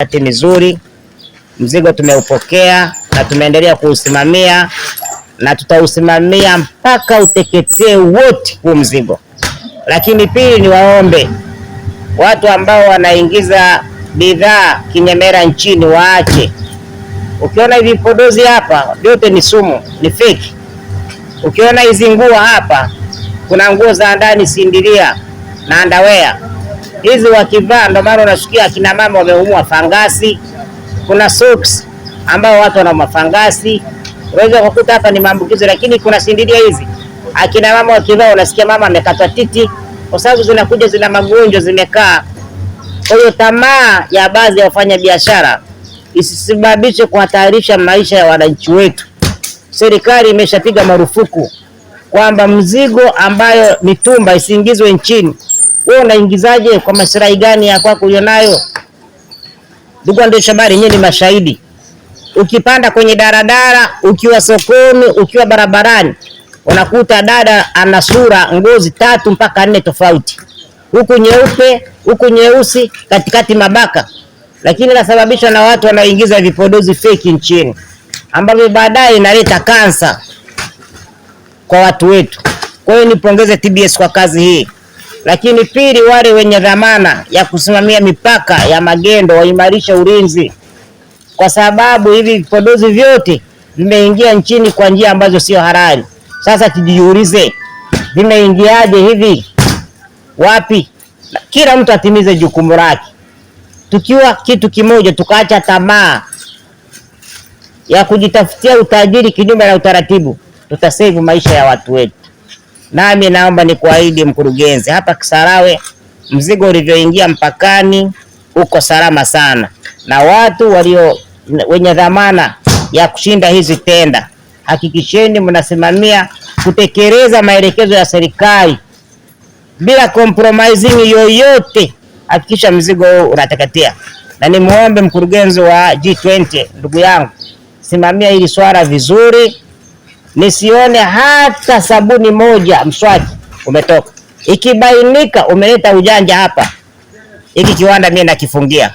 Bahati nzuri mzigo tumeupokea na tumeendelea kuusimamia na tutausimamia mpaka uteketee wote huu mzigo. Lakini pili, niwaombe watu ambao wanaingiza bidhaa kinyemera nchini waache. Ukiona hivi vipodozi hapa vyote ni sumu, ni feki. Ukiona hizi nguo hapa, kuna nguo za ndani sindiria na underwear hizi wakivaa, ndio maana unasikia akina mama wameumwa fangasi. Kuna socks ambao watu wana mafangasi, unaweza kukuta hapa ni maambukizo, lakini kuna sindiria hizi akina mama wakivaa, unasikia mama amekatwa titi, kwa sababu zinakuja zina magonjwa zimekaa. Kwa hiyo tamaa ya baadhi ya wafanya biashara isisababishe kuhatarisha maisha ya wananchi wetu. Serikali imeshapiga marufuku kwamba mzigo ambayo mitumba isiingizwe nchini wewe unaingizaje kwa masirai gani ya kwako ulionayo? Ndugu ndio Shabari, nyinyi ni mashahidi. Ukipanda kwenye daradara, ukiwa sokoni, ukiwa barabarani, unakuta dada ana sura ngozi tatu mpaka nne tofauti, huku nyeupe, huku nyeusi, katikati mabaka, lakini inasababishwa na watu wanaoingiza vipodozi feki nchini, ambavyo baadaye inaleta kansa kwa watu wetu. Kwa hiyo nipongeze TBS kwa kazi hii. Lakini pili, wale wenye dhamana ya kusimamia mipaka ya magendo waimarishe ulinzi, kwa sababu hivi vipodozi vyote vimeingia nchini kwa njia ambazo sio halali. Sasa tujiulize vimeingiaje hivi, wapi? Kila mtu atimize jukumu lake, tukiwa kitu kimoja, tukaacha tamaa ya kujitafutia utajiri kinyume na utaratibu, tutasave maisha ya watu wetu. Nami naomba ni kuahidi mkurugenzi, hapa Kisarawe mzigo ulivyoingia mpakani uko salama sana, na watu walio wenye dhamana ya kushinda hizi tenda, hakikisheni mnasimamia kutekeleza maelekezo ya serikali bila compromising yoyote. Hakikisha mzigo huu unateketea, na nimwombe mkurugenzi wa G20, ndugu yangu, simamia hili swala vizuri nisione hata sabuni moja mswaki umetoka. Ikibainika umeleta ujanja hapa, hiki kiwanda mimi nakifungia,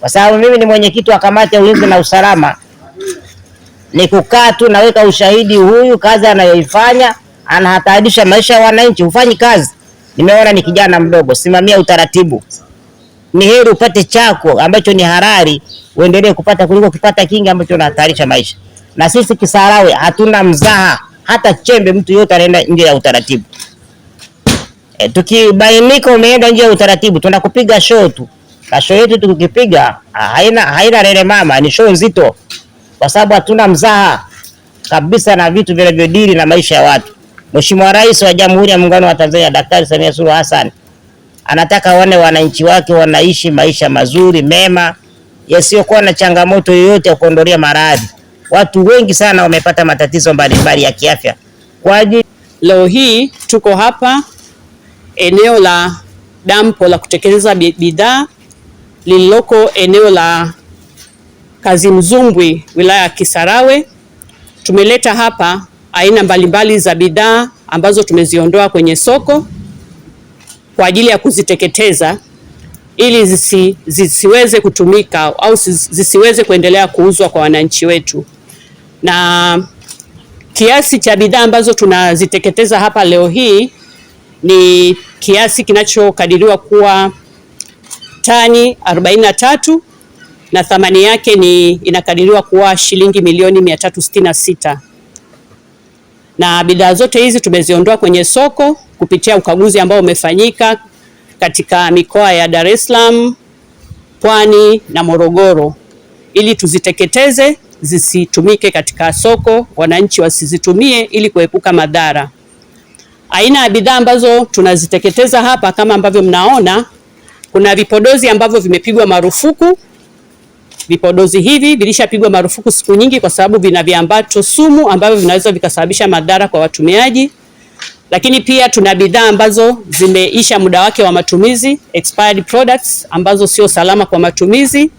kwa sababu mimi ni mwenyekiti wa kamati ya ulinzi na usalama. Ni kukaa tu naweka ushahidi, huyu kazi anayoifanya anahatarisha maisha ya wananchi, hufanyi kazi. Nimeona ni kijana mdogo, simamia utaratibu. Ni heri upate chako ambacho ni harari uendelee kupata kuliko kupata kingi ambacho unahatarisha maisha na sisi Kisarawe hatuna mzaha hata chembe, mtu yote anaenda nje ya utaratibu. E, tukibainika umeenda nje ya utaratibu tunakupiga show tu, na show yetu tukipiga haina haina rere mama, ni show nzito, kwa sababu hatuna mzaha kabisa na vitu vinavyodili na maisha ya watu. Mheshimiwa Rais wa Jamhuri ya Muungano wa Tanzania Daktari Samia Suluhu Hassan anataka wane wananchi wake wanaishi maisha mazuri mema yasiyokuwa na changamoto yoyote ya kuondolea maradhi watu wengi sana wamepata matatizo mbalimbali ya kiafya kwa ajili. Leo hii tuko hapa eneo la dampo la kutekeleza bidhaa lililoko eneo la Kazimzumbwi wilaya ya Kisarawe. Tumeleta hapa aina mbalimbali za bidhaa ambazo tumeziondoa kwenye soko kwa ajili ya kuziteketeza ili zisi, zisiweze kutumika au zisiweze kuendelea kuuzwa kwa wananchi wetu na kiasi cha bidhaa ambazo tunaziteketeza hapa leo hii ni kiasi kinachokadiriwa kuwa tani 43 na thamani yake ni inakadiriwa kuwa shilingi milioni 366 na bidhaa zote hizi tumeziondoa kwenye soko kupitia ukaguzi ambao umefanyika katika mikoa ya Dar es Salaam, Pwani na Morogoro ili tuziteketeze zisitumike katika soko, wananchi wasizitumie ili kuepuka madhara. Aina ya bidhaa ambazo tunaziteketeza hapa kama ambavyo mnaona, kuna vipodozi ambavyo vimepigwa marufuku. Vipodozi hivi vilishapigwa marufuku siku nyingi, kwa sababu vina viambato sumu ambavyo vinaweza vikasababisha madhara kwa watumiaji. Lakini pia tuna bidhaa ambazo zimeisha muda wake wa matumizi, expired products, ambazo sio salama kwa matumizi.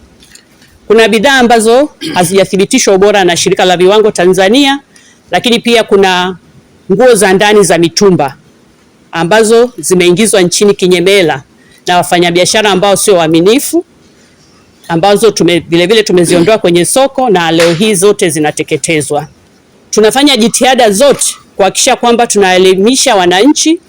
Kuna bidhaa ambazo hazijathibitishwa ubora na shirika la viwango Tanzania, lakini pia kuna nguo za ndani za mitumba ambazo zimeingizwa nchini kinyemela na wafanyabiashara ambao sio waaminifu, ambazo tume, vilevile tumeziondoa kwenye soko na leo hii zote zinateketezwa. Tunafanya jitihada zote kuhakikisha kwamba tunaelimisha wananchi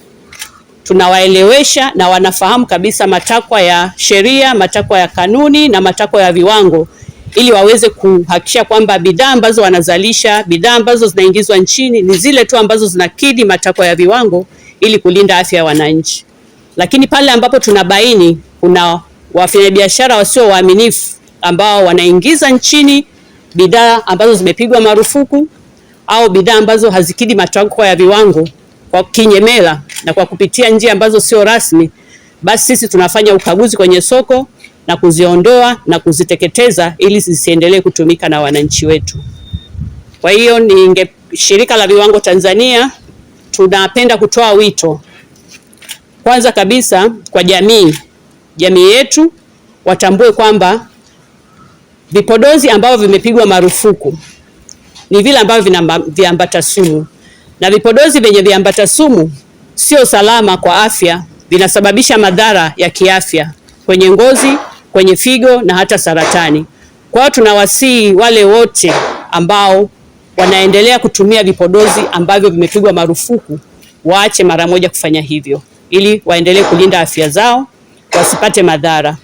tunawaelewesha na wanafahamu kabisa matakwa ya sheria, matakwa ya kanuni na matakwa ya viwango, ili waweze kuhakikisha kwamba bidhaa ambazo wanazalisha, bidhaa ambazo zinaingizwa nchini ni zile tu ambazo zinakidhi matakwa ya viwango, ili kulinda afya ya wananchi. Lakini pale ambapo tunabaini kuna wafanyabiashara wasio waaminifu ambao wanaingiza nchini bidhaa ambazo zimepigwa marufuku au bidhaa ambazo hazikidhi matakwa ya viwango kwa kinyemela na kwa kupitia njia ambazo sio rasmi, basi sisi tunafanya ukaguzi kwenye soko na kuziondoa na kuziteketeza ili zisiendelee kutumika na wananchi wetu. Kwa hiyo ninge shirika la viwango Tanzania tunapenda kutoa wito kwanza kabisa kwa jamii, jamii yetu watambue kwamba vipodozi ambavyo vimepigwa marufuku ni vile ambavyo vina viambata sumu na vipodozi vyenye viambata sumu sio salama kwa afya, vinasababisha madhara ya kiafya kwenye ngozi, kwenye figo na hata saratani. Kwa hiyo tunawasihi wale wote ambao wanaendelea kutumia vipodozi ambavyo vimepigwa marufuku waache mara moja kufanya hivyo, ili waendelee kulinda afya zao wasipate madhara.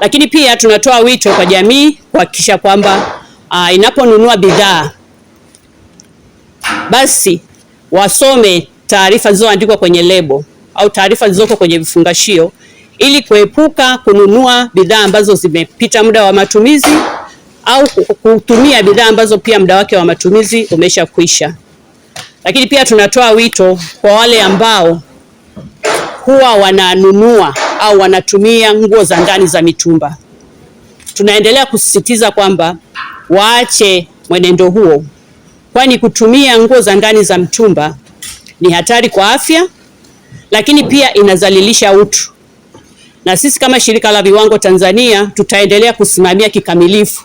Lakini pia tunatoa wito kwa jamii kuhakikisha kwamba ah, inaponunua bidhaa basi wasome taarifa zilizoandikwa kwenye lebo au taarifa zilizoko kwenye vifungashio ili kuepuka kununua bidhaa ambazo zimepita muda wa matumizi au kutumia bidhaa ambazo pia muda wake wa matumizi umesha kuisha. Lakini pia tunatoa wito kwa wale ambao huwa wananunua au wanatumia nguo za ndani za mitumba, tunaendelea kusisitiza kwamba waache mwenendo huo, kwani kutumia nguo za ndani za mtumba ni hatari kwa afya, lakini pia inazalilisha utu, na sisi kama shirika la viwango Tanzania tutaendelea kusimamia kikamilifu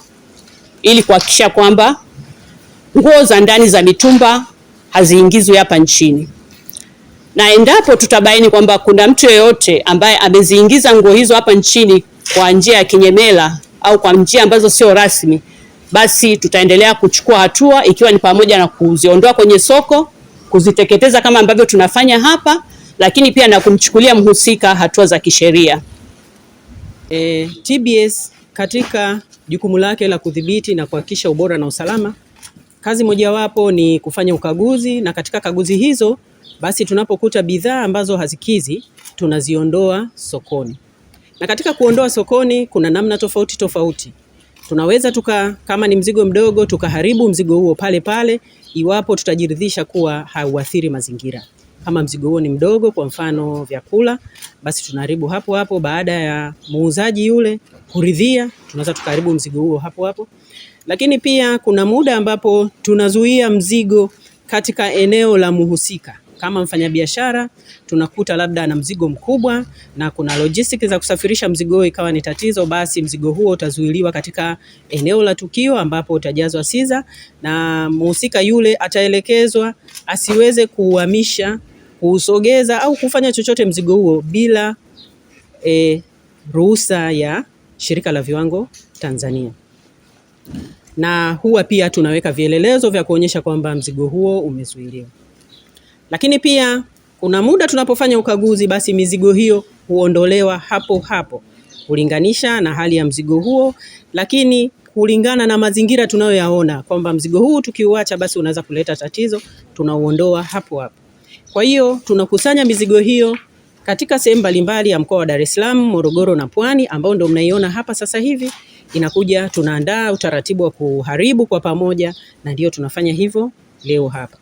ili kuhakikisha kwamba nguo za ndani za mitumba haziingizwi hapa nchini, na endapo tutabaini kwamba kuna mtu yeyote ambaye ameziingiza nguo hizo hapa nchini kwa njia ya kinyemela au kwa njia ambazo sio rasmi, basi tutaendelea kuchukua hatua ikiwa ni pamoja na kuziondoa kwenye soko kuziteketeza kama ambavyo tunafanya hapa, lakini pia na kumchukulia mhusika hatua za kisheria. E, TBS katika jukumu lake la kudhibiti na kuhakikisha ubora na usalama, kazi mojawapo ni kufanya ukaguzi, na katika kaguzi hizo basi tunapokuta bidhaa ambazo hazikizi tunaziondoa sokoni, na katika kuondoa sokoni kuna namna tofauti tofauti tunaweza tuka, kama ni mzigo mdogo tukaharibu mzigo huo pale pale, iwapo tutajiridhisha kuwa hauathiri mazingira. Kama mzigo huo ni mdogo, kwa mfano vyakula, basi tunaharibu hapo hapo. Baada ya muuzaji yule kuridhia, tunaweza tukaharibu mzigo huo hapo hapo. Lakini pia kuna muda ambapo tunazuia mzigo katika eneo la muhusika. Kama mfanyabiashara tunakuta labda ana mzigo mkubwa na kuna logistics za kusafirisha mzigo huo ikawa ni tatizo, basi mzigo huo utazuiliwa katika eneo la tukio ambapo utajazwa siza, na mhusika yule ataelekezwa asiweze kuuhamisha, kuusogeza au kufanya chochote mzigo huo bila e, ruhusa ya Shirika la Viwango Tanzania na huwa pia tunaweka vielelezo vya kuonyesha kwamba mzigo huo umezuiliwa. Lakini pia kuna muda tunapofanya ukaguzi, basi mizigo hiyo huondolewa hapo hapo, kulinganisha na hali ya mzigo huo, lakini kulingana na mazingira tunayoyaona kwamba mzigo huu tukiuacha, basi unaweza kuleta tatizo, tunauondoa hapo hapo. Kwa hiyo tunakusanya mizigo hiyo katika sehemu mbalimbali ya mkoa wa Dar es Salaam, Morogoro na Pwani, ambao ndio mnaiona hapa sasa hivi inakuja. Tunaandaa utaratibu wa kuharibu kwa pamoja, na ndio tunafanya hivyo leo hapa.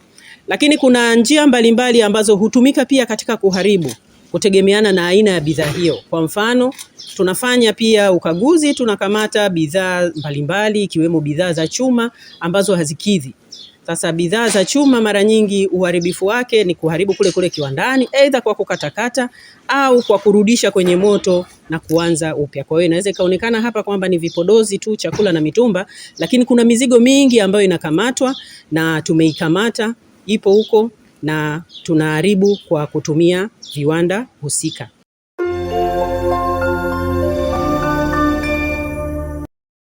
Lakini kuna njia mbalimbali mbali ambazo hutumika pia katika kuharibu kutegemeana na aina ya bidhaa hiyo. Kwa mfano, tunafanya pia ukaguzi, tunakamata bidhaa mbalimbali ikiwemo bidhaa za chuma ambazo hazikidhi. Sasa bidhaa za chuma mara nyingi uharibifu wake ni kuharibu kule kule kiwandani, aidha kwa kukatakata au kwa kurudisha kwenye moto na kuanza upya. Kwa hiyo inaweza ikaonekana hapa kwamba ni vipodozi tu, chakula na mitumba, lakini kuna mizigo mingi ambayo inakamatwa na tumeikamata ipo huko na tunaharibu kwa kutumia viwanda husika.